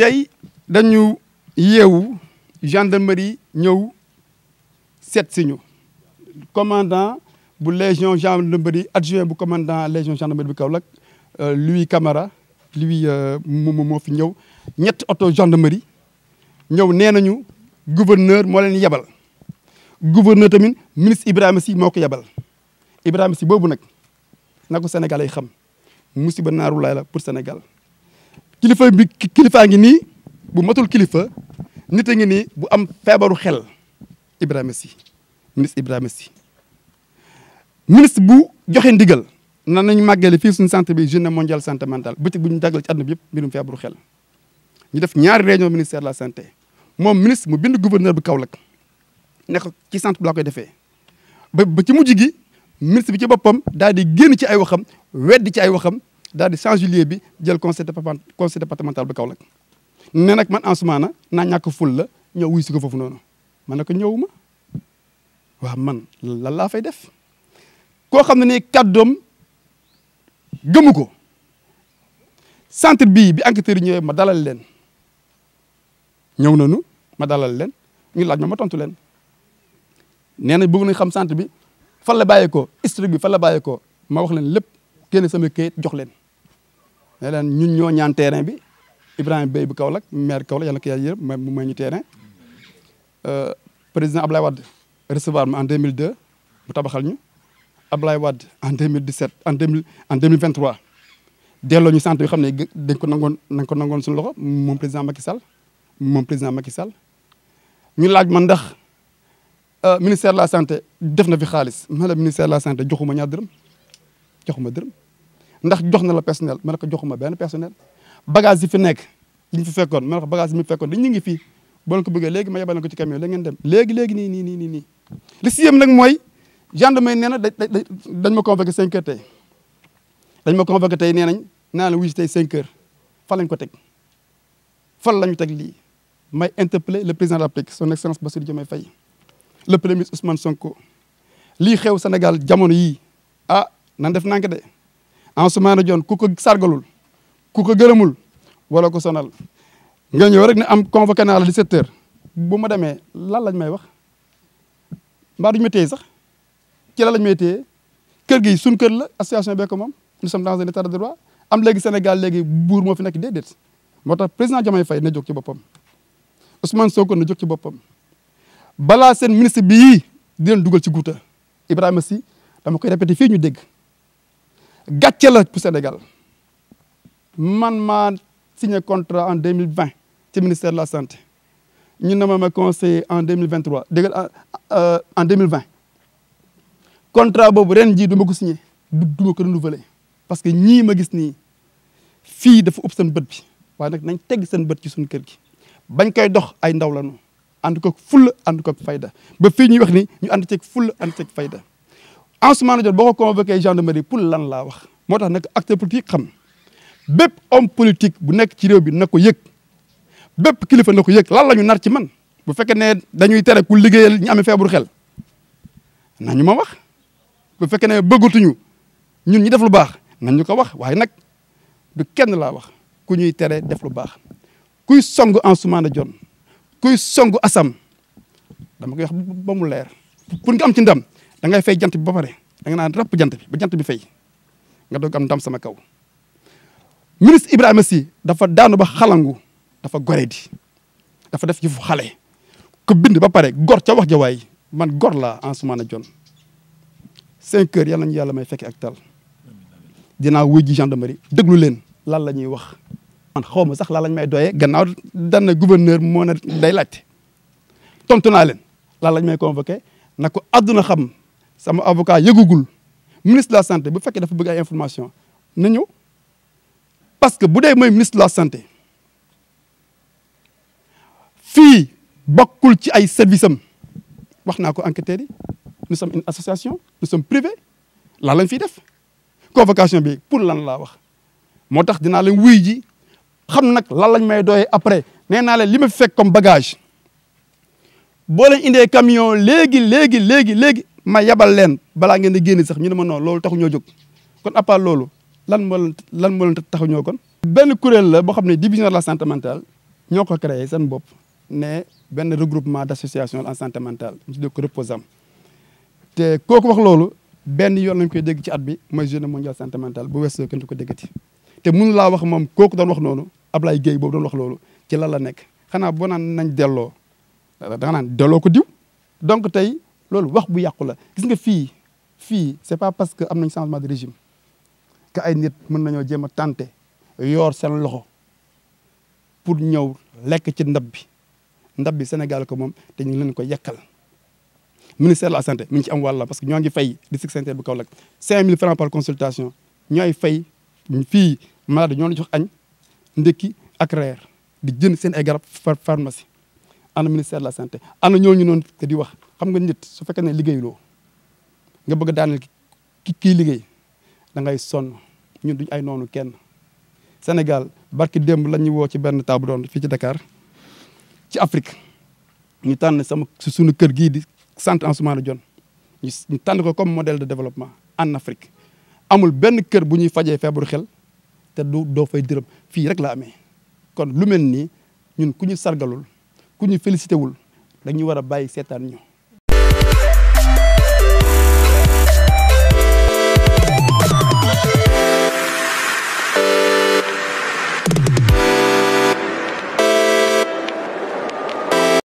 tey dañu Yewu gendarmerie ñew set siñu commandant bu légion gendarmerie adjoint bu commandant légion gendarmerie bu kaolak euh, lui Camara lui mo euh, mo fi ñew ñet auto gendarmerie ñew nenañu gouverneur mo leen yabal gouverneur tamit ministre Ibrahima Sy moko yabal yebal Ibrahima Sy boobu nag na ko xam musiba narou laay la pour Sénégal kilifa bi kilifaa ngi nii bu matul kilifa nit a ngi nii bu am feebaru xel Ibrahima Sy ministre Ibrahima Sy ministre bu joxe ndigal nan nañu màggale fii suñu centre bi journée mondiale santé mentale bëccëg bu ñu jagleel ci àdduna bi yëpp mbirum feebaru xel ñu def ñaari réunion ministère la santé moom ministre mu bind gouverneur bu Kaolack ne ko ci centre bi laa koy defee ba ba ci mujj gi ministre bi ci boppam daal di génn ci ay waxam weddi ci ay waxam daal di cent bi jël conseil conseil départemental bu Kaolack ne nag man en ce moment naa ñàkk ful la ñëw wuy si ko foofu noonu man naka ko ñëwuma waaman man lan laa fay def koo xam ne nii kàddoom gëmu ko centre bii bi enquêteurs yi ñëwee ma dalal leen ñëw nañu ma dalal leen ñu laaj ma ma tontu leen nee na bëgg nañ xam centre bi fan la bàyyeekoo historique bi fan la bàyyeekoo ma wax leen lépp génne sama kayit jox leen ne leen ñun ñoo ñaan terrain bi Ibrahima Bey bu Kaolack maire Kaolack yàlla ko yàlla yërëm mu may ñu terrain euh, président Ablaye Wade recevoir ma en 2002 mu tabaxal ñu Ablaye Wade en 2017 en 2000 en 2023 delloo ñu sant bi xam ne dañ ko nangoon nañ ko nangoon suñu loxo moom président Macky Sall moom président Macky Sall ñu laaj man ndax euh, ministère de la santé def na fi xaalis ma la ministère de la santé joxuma ñaar dërëm joxuma dërëm ndax jox la personnel ma joxuma personnel bagage yi fi bagage camion la ngeen dem li cinq heures tay dañ ma convoqué cinq heures lañ interpellé le président de la République son excellence Bassirou Diomaye Faye le premier Ousmane Sonko li xew Sénégal jamono ah def Ansoumana Dione ku ko sargalul ku ko gërëmul wala ko sonal nga ñëw rek ne am convoqué naa la 17 bu ma demee lan lañ may wax mbaa duñ ma téye sax ci lan lañ may téye kër gi suñ kër la association bee ko moom nous sommes dans un état de droit am léegi Sénégal léegi buur moo fi nekk déedéet moo tax président Diomaye fay na jóg ci boppam Ousmane Sonko na jog ci boppam balaa seen ministre bii di dugal ci guuta Ibrahima Sy dama koy répété fii ñu dégg gàcce la pour Sénégal man maa signé contrat en deux mille vingt ci ministère de la santé ñu ne ma ma conseiller en deux mille vingt trois dégg euh, en deux mille contrat boobu ren jii du ma ko signé du ma ko renouveler parce que ñii ma gis nii fii dafa ëpp seen bët bi waaye nag nañ tegg seen bët ci suñu kër gi bañ koy dox ay ndaw la ñu ànd koog fulla ànd koog fayda ba fii ñuy wax ni ñu ànd ceeg fulla ànd fayda. Ansoumana Dione boo ko convoqué gendarmerie pour lan laa wax moo tax nag acteur politique xam bépp homme politique bu nekk ci réew bi na ko yëg bépp kilifa na ko yëg lan la ñu nar ci man bu fekkee ne dañuy tere ku liggéeyal ñu amee feebaru xel nañu ma wax bu fekkee ne bëggatuñu ñun ñi def lu baax na nañu ko wax waaye nag du kenn laa wax ku ñuy tere def lu baax kuy song Ansoumana jon kuy song Assam dama koy wax ba mu leer pour nga am ci ndam da ngay fay jant bi ba pare da nga naan ràpp jant bi ba jant bi fay nga doog am ndam sama kaw ministre Ibrahima si dafa daanu ba xalangu dafa gore di dafa def yëfu xale ku bind ba pare gor ca wax ja man gor laa Ansoumana jon cinq heures yàlla nañu yàlla may fekke ak tal dinaa wuy ji gendarmerie déglu leen lan la ñuy wax man xaw ma sax lan lañ may doye gannaaw dan na gouverneur moo ne day laajte tontu naa leen lan lañ may convoqué na ko àdduna xam sama avocat yegugul ministre de la santé bu fekkee dafa bëgg ay information na parce que bu dee mooy ministre de la santé fi bokkul ci ay service am ko enquêteur nous sommes une association nous sommes privés la lañ fi def convocation bi pour lan la wax motax dina dinaa wuy ji xam nak lan lañ may doyee après nee naa leen fekk comme bagage bo leen indé camion légui légui légui légui ma yabal leen bala ngeen di génn sax ñu ne ma non loolu tax ñoo jog kon à part loolu lan moo lan moo leen taxu ñoo kon benn kuréel la boo xam ne division de la santé mentale ñoo ko créé seen bopp ne benn regroupement d' association en santé mentale ñu tuddee ko Reposam te kooku wax loolu benn yoon lañ koy dégg ci at bi mooy journée mondiale santé mentale bu weesoo kenn du ko déggati te mënu laa wax moom kooku doon wax noonu Ablaye géey boobu doon wax loolu ci lan la nekk xanaa boo naan nañ delloo da naan delloo ko diw donc tey loolu wax bu yàqu la gis nga fii fii c'est pas parce que am nañ changement de régime que ay nit mën nañoo jéem a tante yoor seen loxo pour ñëw lekk ci ndab bi ndab bi Sénégal ko moom te ñu ngi leen ko yekkal ministère de la santé mi ngi ci am wàlla parce que ñoo ngi fay district sanitaire bu Kaolack 5000 francs par consultation yi fay fii malade ñoo la jox añ ndékki ak reer di jënd seen ay garab pharmacie ana ministère de la santé ana ñooñu noonu di wax xam nga nit su fekkee ne liggéeyuloo nga bëgg daaneel ki kii liggéey da ngay sonn ñun duñ ay noonu kenn. Sénégal barki démb la ñu woo ci benn table ronde fii ci Dakar ci Afrique ñu tànn sama suñu kër gii di centre Ansoumana Dione ñu tànn ko comme model de développement en Afrique amul benn kër bu ñuy fajee feebaru xel te du doo fay dërëm fii rek la amee kon lu mel nii ñun ku ñu sargalul. ku ñu félicité wul dañu war a bàyyi seetaan ñu